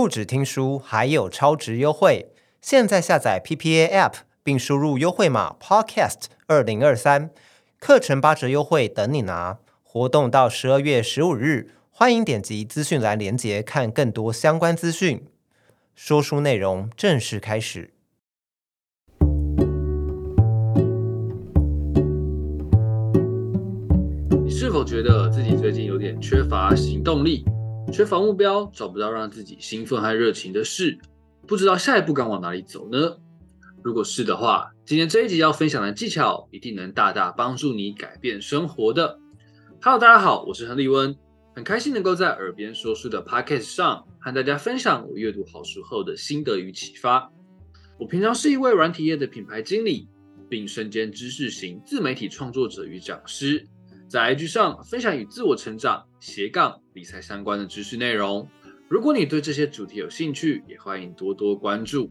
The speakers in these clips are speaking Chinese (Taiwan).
不止聽書，還有超值優惠。現在下載 P P A App，並輸入優惠碼 Podcast 二零二三，課程八折優惠等你拿。活動到十二月十五日，歡迎點擊資訊欄鏈接看更多相關資訊。說書內容正式開始。你是否覺得自己最近有點缺乏行動力？缺乏目標，找不到讓自己興奮和熱情的事，不知道下一步該往哪裡走呢？如果是的話，今天這一集要分享的技巧，一定能大大幫助你改變生活的。的，Hello，大家好，我是亨利溫，很開心能夠在耳邊說書的 Podcast 上和大家分享我閱讀好書後的心得與啟發。我平常是一位軟體業的品牌經理，並身兼知識型自媒體創作者與講師。在 IG 上分享與自我成長、斜槓、理財相關的知識內容。如果你對這些主題有興趣，也歡迎多多關注。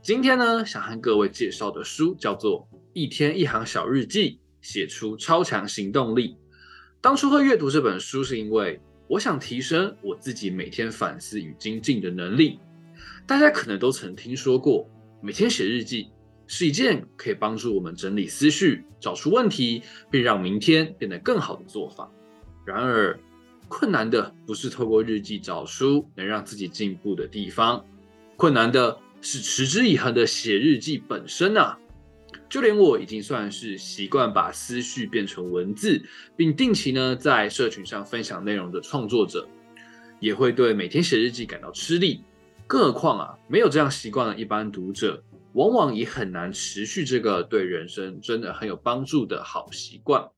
今天呢，想和各位介紹的書叫做《一天一行小日記》，寫出超強行動力。當初會閱讀這本書，是因為我想提升我自己每天反思與精進的能力。大家可能都曾聽說過，每天寫日記。是一件可以幫助我們整理思緒、找出問題，並讓明天變得更好的做法。然而，困難的不是透過日記找出能讓自己進步的地方，困難的是持之以恆的寫日記本身啊！就連我已經算是習慣把思緒變成文字，並定期呢在社群上分享內容的創作者，也會對每天寫日記感到吃力。更何況啊，沒有這樣習慣的一般讀者。往往也很難持續這個對人生真的很有幫助的好習慣。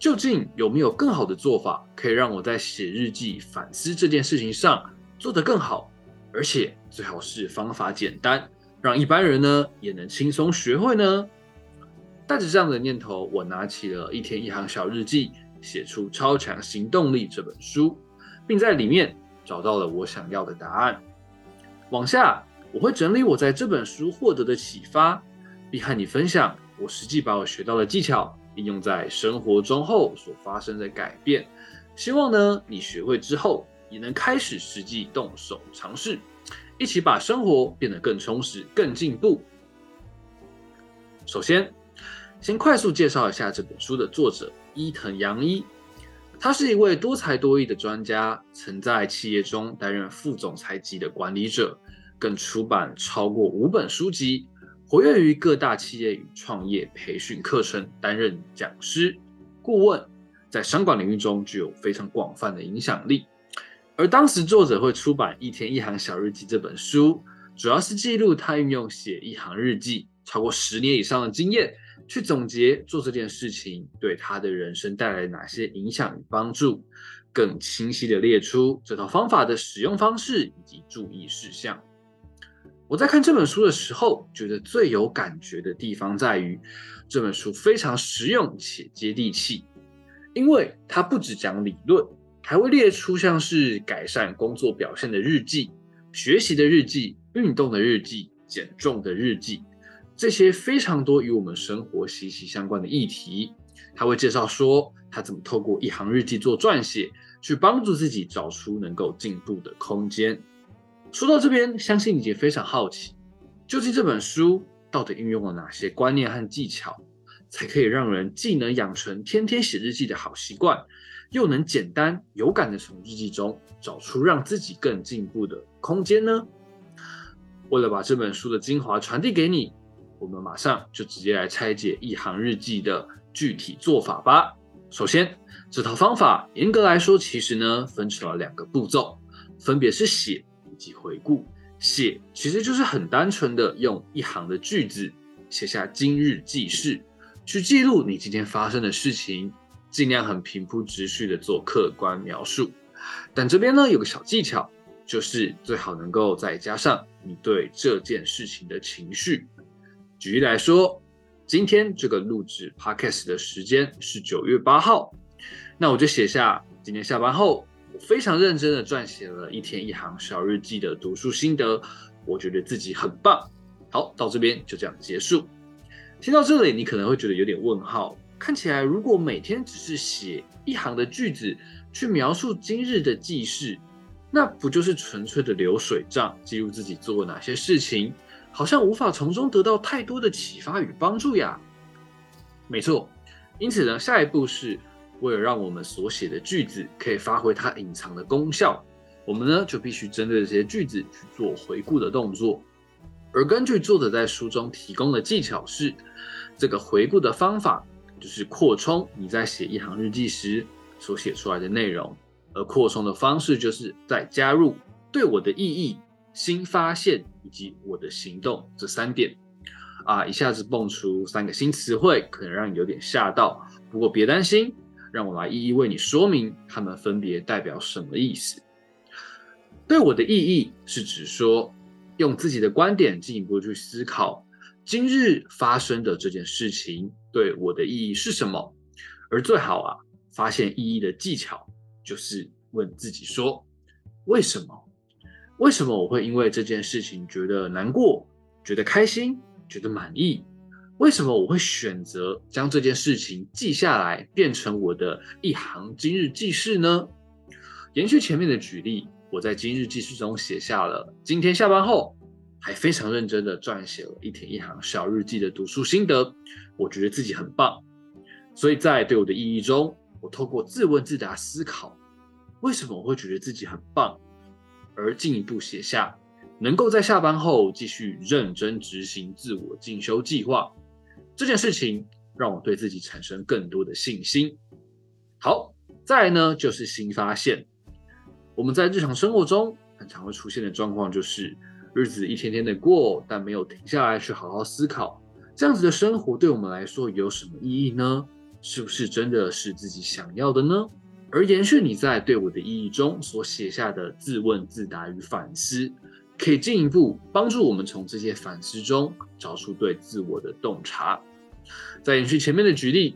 究竟有沒有更好的做法，可以讓我在寫日記、反思這件事情上做得更好？而且最好是方法簡單，讓一般人呢也能輕鬆學會呢？帶着這樣的念頭，我拿起了一天一行小日記，寫出《超強行動力》這本書，並在裡面找到了我想要的答案。往下。我會整理我在這本書獲得的啟發，並和你分享我實際把我學到的技巧應用在生活中後所發生的改變。希望呢，你學會之後也能開始實際動手嘗試，一起把生活變得更充實、更進步。首先，先快速介紹一下這本書的作者伊藤洋一，他是一位多才多藝的專家，曾在企業中擔任副總裁級的管理者。更出版超過五本書籍，活躍於各大企業與創業培訓課程，擔任講師、顧問，在商管領域中具有非常廣泛的影響力。而當時作者會出版《一天一行小日記》這本書，主要是記錄他運用寫一行日記超過十年以上的經驗，去總結做這件事情對他的人生帶來哪些影響與幫助，更清晰地列出這套方法的使用方式以及注意事項。我在看這本書的時候，覺得最有感覺的地方在於，這本書非常實用且接地氣，因為它不只講理論，還會列出像是改善工作表現的日記、學習的日記、運動的日記、減重的日記，這些非常多與我們生活息息相關的議題。他會介紹說，他怎麼透過一行日記做撰寫，去幫助自己找出能夠進步的空間。說到這邊，相信你已經非常好奇，究竟這本書到底運用了哪些觀念和技巧，才可以讓人既能養成天天寫日記的好習慣，又能簡單有感的從日記中找出讓自己更進步的空間呢？為了把這本書的精華傳遞給你，我們馬上就直接來拆解一行日記的具體做法吧。首先，這套方法嚴格來說其實呢分成了兩個步驟，分別是寫。及回顧。寫，其實就是很單純的用一行的句子寫下今日記事，去記錄你今天發生的事情，盡量很平鋪直敘的做客觀描述。但這邊呢有個小技巧，就是最好能夠再加上你對這件事情的情緒。舉例來說，今天這個錄製 Podcast 的時間是九月八號，那我就寫下今天下班後。非常認真地撰寫了一天一行小日記的讀書心得，我覺得自己很棒。好，到這邊就這樣結束。聽到這裡，你可能會覺得有點問號。看起來，如果每天只是寫一行的句子去描述今日的記事，那不就是純粹的流水賬，記錄自己做了哪些事情？好像無法從中得到太多的啟發與幫助呀。沒錯，因此呢，下一步是。為了讓我們所寫的句子可以發揮它隱藏的功效，我們呢就必須針對這些句子去做回顧的動作。而根據作者在書中提供的技巧是，這個回顧的方法就是擴充你在寫一行日記時所寫出來的內容，而擴充的方式就是再加入對我的意義、新發現以及我的行動這三點。啊，一下子蹦出三個新詞彙，可能讓你有點嚇到，不過別擔心。讓我來一一為你說明，他們分別代表什麼意思。對我的意義是指說，用自己的觀點進一步去思考，今日發生的這件事情對我的意義是什麼。而最好啊，發現意義的技巧就是問自己說，為什麼？為什麼我會因為這件事情覺得難過，覺得開心，覺得滿意？為什麼我會選擇將這件事情記下來，變成我的一行今日記事呢？延續前面的舉例，我在今日記事中寫下了今天下班後，還非常認真的撰寫了一天一行小日記的讀書心得。我覺得自己很棒，所以在對我的意義中，我透過自問自答思考，為什麼我會覺得自己很棒，而進一步寫下能夠在下班後繼續認真執行自我進修計劃。這件事情讓我對自己產生更多的信心。好，再來呢，就是新發現。我們在日常生活中很常會出現的狀況就是，日子一天天的過，但沒有停下來去好好思考，這樣子的生活對我們來說有什麼意義呢？是不是真的是自己想要的呢？而延續你在對我的意義中所寫下的自問自答與反思。可以進一步幫助我們從這些反思中找出對自我的洞察。再延續前面的舉例，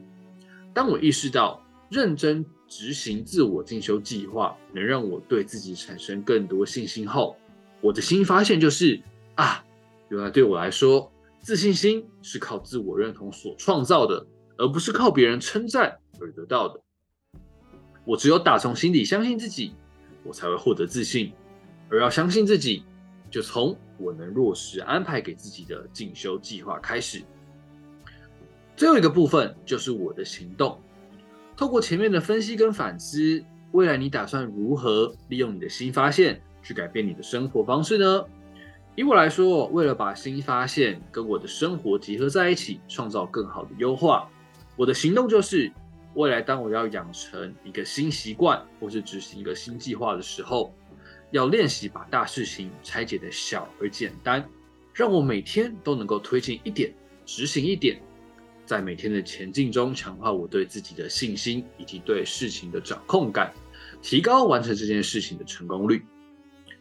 當我意識到認真執行自我進修計劃能讓我對自己產生更多信心後，我的新發現就是：啊，原來對我來說，自信心是靠自我認同所創造的，而不是靠別人稱讚而得到的。我只有打從心底相信自己，我才會獲得自信，而要相信自己。就從我能落實安排給自己的進修計劃開始。最後一個部分就是我的行動，透過前面的分析跟反思，未來你打算如何利用你的新發現去改變你的生活方式呢？以我來說，為了把新發現跟我的生活結合在一起，創造更好的優化，我的行動就是：未來當我要養成一個新習慣或是執行一個新計劃的時候，要練習把大事情拆解的小而簡單，讓我每天都能夠推進一點，執行一點，在每天的前進中強化我對自己的信心以及對事情的掌控感，提高完成這件事情的成功率。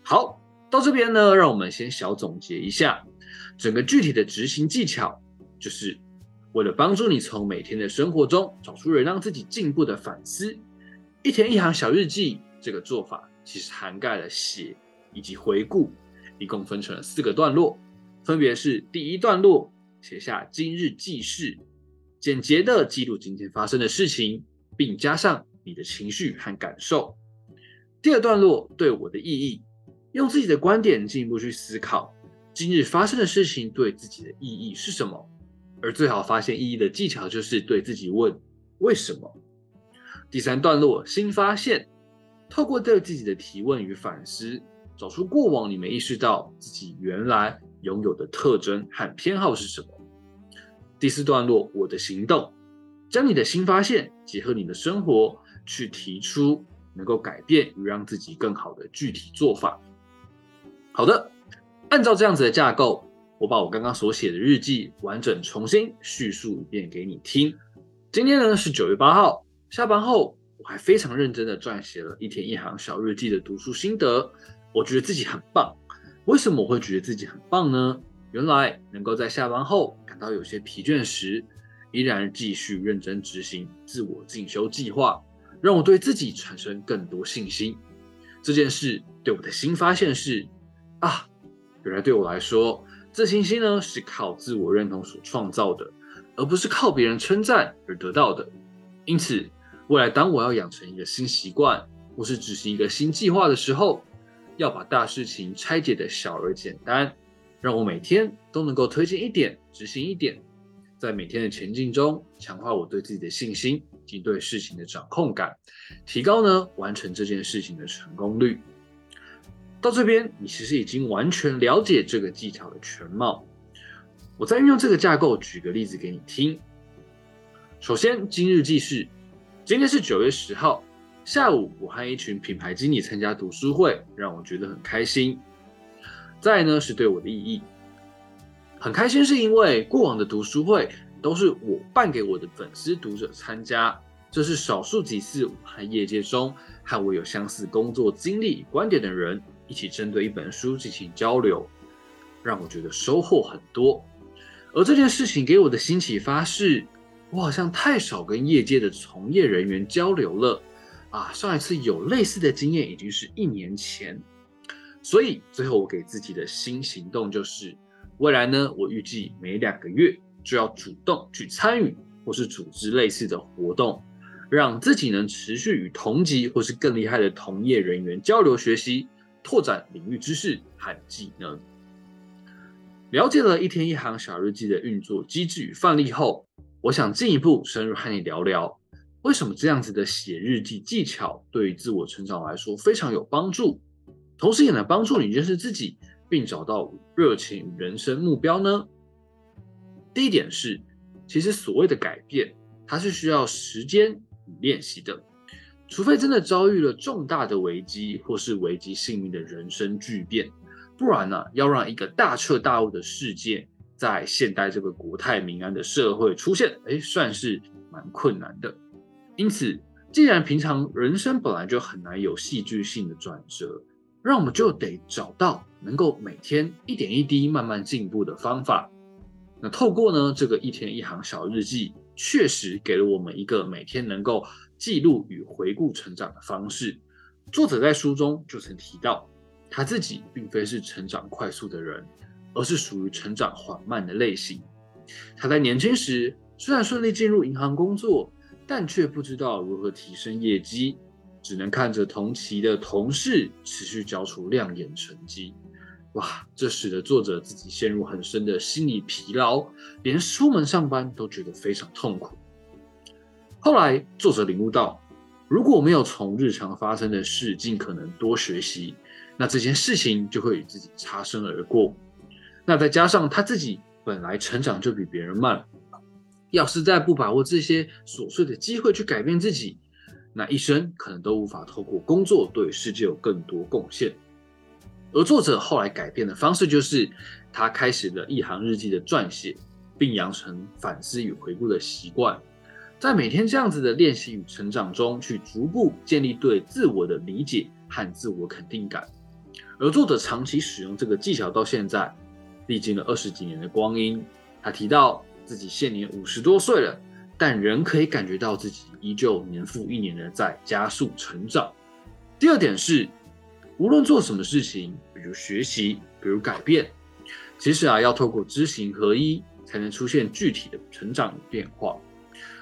好，到這邊呢，讓我們先小總結一下整個具體的執行技巧，就是為了幫助你從每天的生活中找出能讓自己進步的反思，一天一行小日記這個做法。其實涵蓋了寫以及回顧，一共分成了四個段落，分別是第一段落寫下今日記事，簡潔地記錄今天發生的事情，並加上你的情緒和感受。第二段落對我的意義，用自己的觀點進一步去思考今日發生的事情對自己的意義是什麼。而最好發現意義的技巧就是對自己問為什麼。第三段落新發現。透過對自己的提問與反思，找出過往你沒意識到自己原來擁有的特徵和偏好是什麼。第四段落，我的行動，將你的新發現結合你的生活，去提出能夠改變與讓自己更好的具體做法。好的，按照這樣子的架構，我把我剛剛所寫的日記完整重新敘述一遍給你聽。今天呢，是九月八號，下班後，我還非常認真的撰寫了一天一行小日記的讀書心得，我覺得自己很棒。為什麼我會覺得自己很棒呢？原來能夠在下班後感到有些疲倦時，依然繼續認真執行自我進修計劃，讓我對自己產生更多信心。這件事對我的新發現是：啊，原來對我來說，自信心呢，是靠自我認同所創造的，而不是靠別人稱讚而得到的。因此，未來，當我要養成一個新習慣，或是執行一個新計劃的時候，要把大事情拆解得小而簡單，讓我每天都能夠推進一點，執行一點，在每天的前進中，強化我對自己的信心及對事情的掌控感，提高呢完成這件事情的成功率。到這邊，你其實已經完全了解這個技巧的全貌。我再運用這個架構舉個例子給你聽。首先，今日記事。今天是九月十號下午，我和一群品牌經理參加讀書會，讓我覺得很開心。再呢，是對我的意義。很開心，是因為過往的讀書會都是我辦給我的粉絲讀者參加，這，就是少數幾次我和業界中和我有相似工作經歷、觀點的人一起針對一本書進行交流，讓我覺得收穫很多。而這件事情給我的新啟發是。我好像太少跟業界的從業人員交流了，啊，上一次有類似的經驗已經是一年前，所以最後我給自己的新行動就是，未來呢，我預計每兩個月就要主動去參與或是組織類似的活動，讓自己能持續與同級或是更厲害的同業人員交流學習，拓展領域知識和技能。了解了一天一行小日記的運作機制與範例後。我想進一步深入和你聊聊，為什麼這樣子的寫日記技巧對於自我成長來說非常有幫助，同時也能幫助你認識自己，並找到熱情人生目標呢？第一點是，其實所謂的改變，它是需要時間與練習的，除非真的遭遇了重大的危機或是危及性命的人生巨變，不然呢、啊，要讓一個大徹大悟的世界，在現代這個國泰民安的社會出現，哎、欸，算是蠻困難的。因此，既然平常人生本來就很難有戲劇性的轉折，讓我們就得找到能夠每天一點一滴慢慢進步的方法。那透過呢，這個一天一行小日記，確實給了我們一個每天能夠記錄與回顧成長的方式。作者在書中就曾提到，他自己並非是成長快速的人。而是屬於成長緩慢的類型。他在年輕時雖然順利進入銀行工作，但卻不知道如何提升業績，只能看着同期的同事持續交出亮眼成績。哇，這使得作者自己陷入很深的心理疲勞，連出門上班都覺得非常痛苦。後來，作者領悟到，如果沒有從日常發生的事盡可能多學習，那這件事情就會與自己擦身而過。那再加上他自己本來成長就比別人慢，要是再不把握這些瑣碎的機會去改變自己，那一生可能都無法透過工作對世界有更多貢獻。而作者後來改變的方式就是，他開始了一行日記的撰寫，並養成反思與回顧的習慣，在每天這樣子的練習與成長中，去逐步建立對自我的理解和自我肯定感。而作者長期使用這個技巧到現在，歷經了二十幾年的光陰，他提到自己現年五十多歲了，但仍可以感覺到自己依舊年復一年的在加速成長。第二點是，無論做什麼事情，比如學習，比如改變，其實啊，要透過知行合一才能出現具體的成長與變化。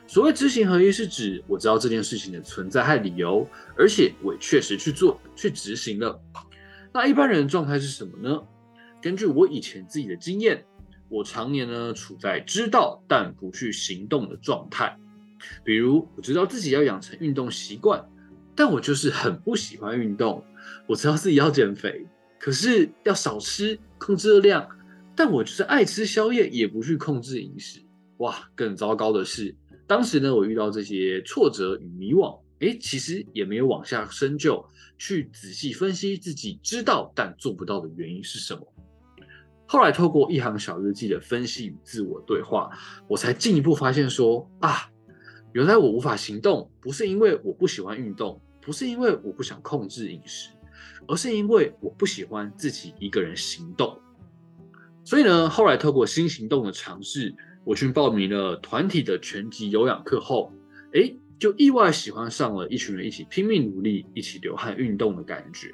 所謂知行合一，是指我知道這件事情的存在和理由，而且我也確實去做、去執行了。那一般人的狀態是什麼呢？根據我以前自己的經驗，我常年呢處在知道但不去行動的狀態。比如，我知道自己要養成運動習慣，但我就是很不喜歡運動。我知道自己要減肥，可是要少吃、控制熱量，但我就是愛吃宵夜，也不去控制飲食。哇，更糟糕的是，當時呢我遇到這些挫折與迷惘，誒，其實也沒有往下深究，去仔細分析自己知道但做不到的原因是什麼。後來，透過一行小日記的分析與自我對話，我才進一步發現說：說啊，原來我無法行動，不是因為我不喜歡運動，不是因為我不想控制飲食，而是因為我不喜歡自己一個人行動。所以呢，後來透過新行動的嘗試，我去報名了團體的拳擊有氧課後，哎，就意外喜歡上了一群人一起拼命努力、一起流汗運動的感覺。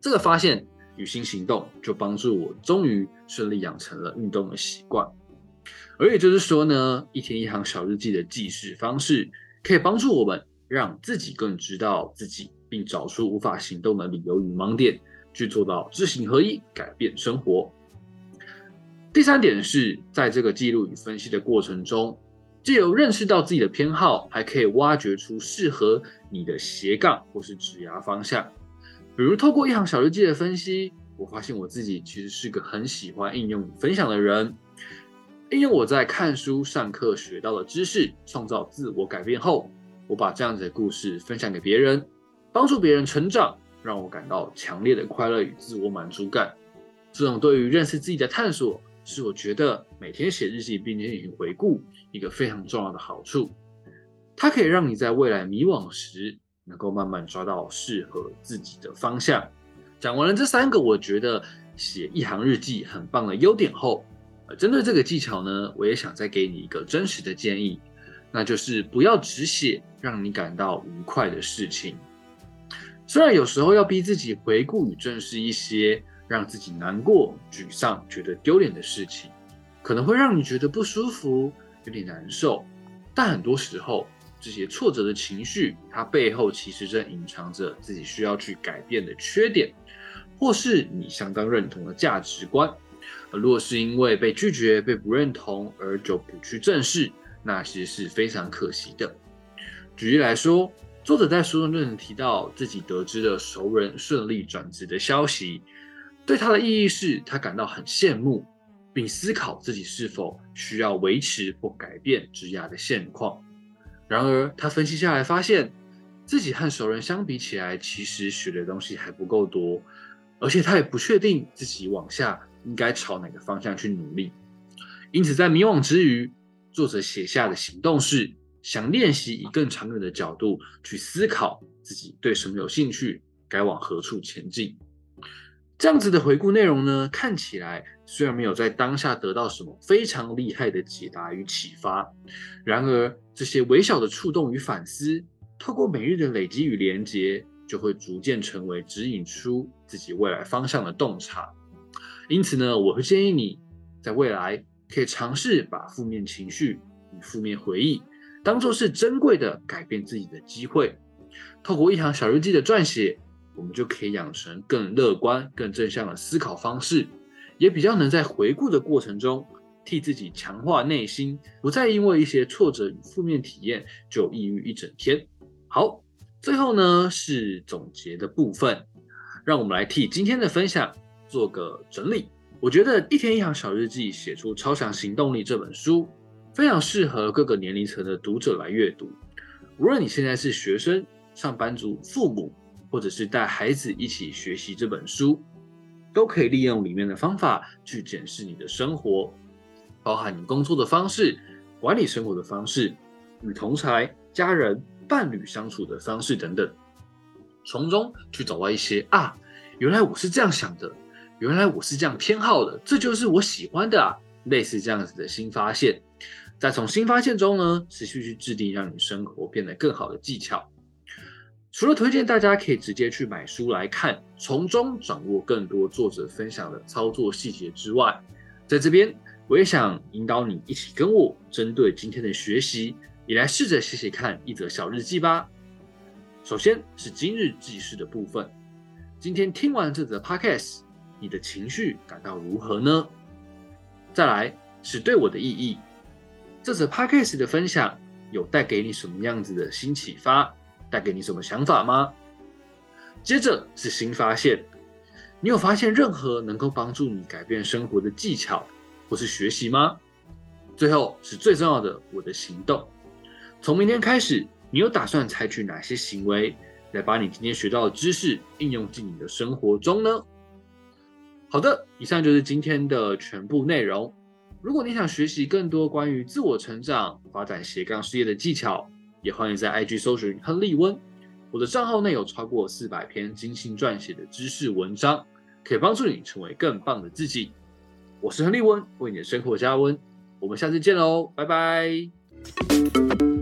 這個發現。與行行動就幫助我，終於順利養成了運動的習慣。而也就是說呢，一天一行小日記的記事方式，可以幫助我們讓自己更知道自己，並找出無法行動的理由與盲點，去做到知行合一，改變生活。第三點是在這個記錄與分析的過程中，既有認識到自己的偏好，還可以挖掘出適合你的斜槓或是職涯方向。比如，透過一行小日記的分析，我發現我自己其實是個很喜歡應用與分享的人。應用我在看書、上課學到的知識，創造自我改變後，我把這樣子的故事分享給別人，幫助別人成長，讓我感到強烈的快樂與自我滿足感。這種對於認識自己的探索，是我覺得每天寫日記並且進行回顧一個非常重要的好處。它可以讓你在未來迷惘時，能夠慢慢抓到適合自己的方向。講完了這三個，我覺得寫一行日記很棒的優點後，針對這個技巧呢，我也想再給你一個真實的建議，那就是不要只寫讓你感到愉快的事情。雖然有時候要逼自己回顧與正視一些讓自己難過、沮喪、覺得丟臉的事情，可能會讓你覺得不舒服、有點難受，但很多時候。這些挫折的情緒，它背後其實正隱藏着自己需要去改變的缺點，或是你相當認同的價值觀。如果是因為被拒絕、被不認同而就不去正視，那其實是非常可惜的。舉例來說，作者在書中就提到自己得知了熟人順利轉職的消息，對他的意義是他感到很羨慕，並思考自己是否需要維持或改變職涯的現況。然而，他分析下來，發現自己和熟人相比起來，其實學的東西還不夠多，而且他也不確定自己往下應該朝哪個方向去努力。因此，在迷惘之餘，作者寫下的行動是想練習以更長遠的角度去思考自己對什麼有興趣，該往何處前進。這樣子的回顧內容呢，看起來，雖然沒有在當下得到什麼非常厲害的解答與啟發，然而這些微小的觸動與反思，透過每日的累積與連結，就會逐漸成為指引出自己未來方向的洞察。因此呢，我會建議你在未來可以嘗試把負面情緒與負面回憶當作是珍貴的改變自己的機會。透過一行小日記的撰寫，我們就可以養成更樂觀、更正向的思考方式。也比較能在回顧的過程中替自己強化內心，不再因為一些挫折與負面體驗就抑鬱一整天。好，最後呢是總結的部分，讓我們來替今天的分享做個整理。我覺得《一天一行小日記，寫出超強行動力》這本書非常適合各個年齡層的讀者來閱讀，無論你現在是學生、上班族、父母，或者是帶孩子一起學習這本書。都可以利用裡面的方法去檢視你的生活，包含你工作的方式、管理生活的方式、與同儕、家人、伴侶相處的方式等等，從中去找到一些啊，原來我是這樣想的，原來我是這樣偏好的，這就是我喜歡的啊，類似這樣子的新發現。再從新發現中呢，持續去制定，讓你生活變得更好的技巧。除了推薦大家可以直接去買書來看，從中掌握更多作者分享的操作細節之外，在這邊我也想引導你一起跟我針對今天的學習，也來試着寫寫看一則小日記吧。首先是今日記事的部分，今天聽完這則 Podcast，你的情緒感到如何呢？再來是對我的意義，這則 Podcast 的分享有帶給你什麼樣子的新啟發？帶給你什麼想法嗎？接着是新發現，你有發現任何能夠幫助你改變生活的技巧或是學習嗎？最後是最重要的，我的行動。從明天開始，你有打算採取哪些行為來把你今天學到的知識應用進你的生活中呢？好的，以上就是今天的全部內容。如果你想學習更多關於自我成長、發展斜槓事業的技巧，也歡迎在 IG 搜尋亨利溫，我的賬號內有超過四百篇精心撰寫的知識文章，可以幫助你成為更棒的自己。我是亨利溫，為你的生活加溫。我們下次見嘍，拜拜。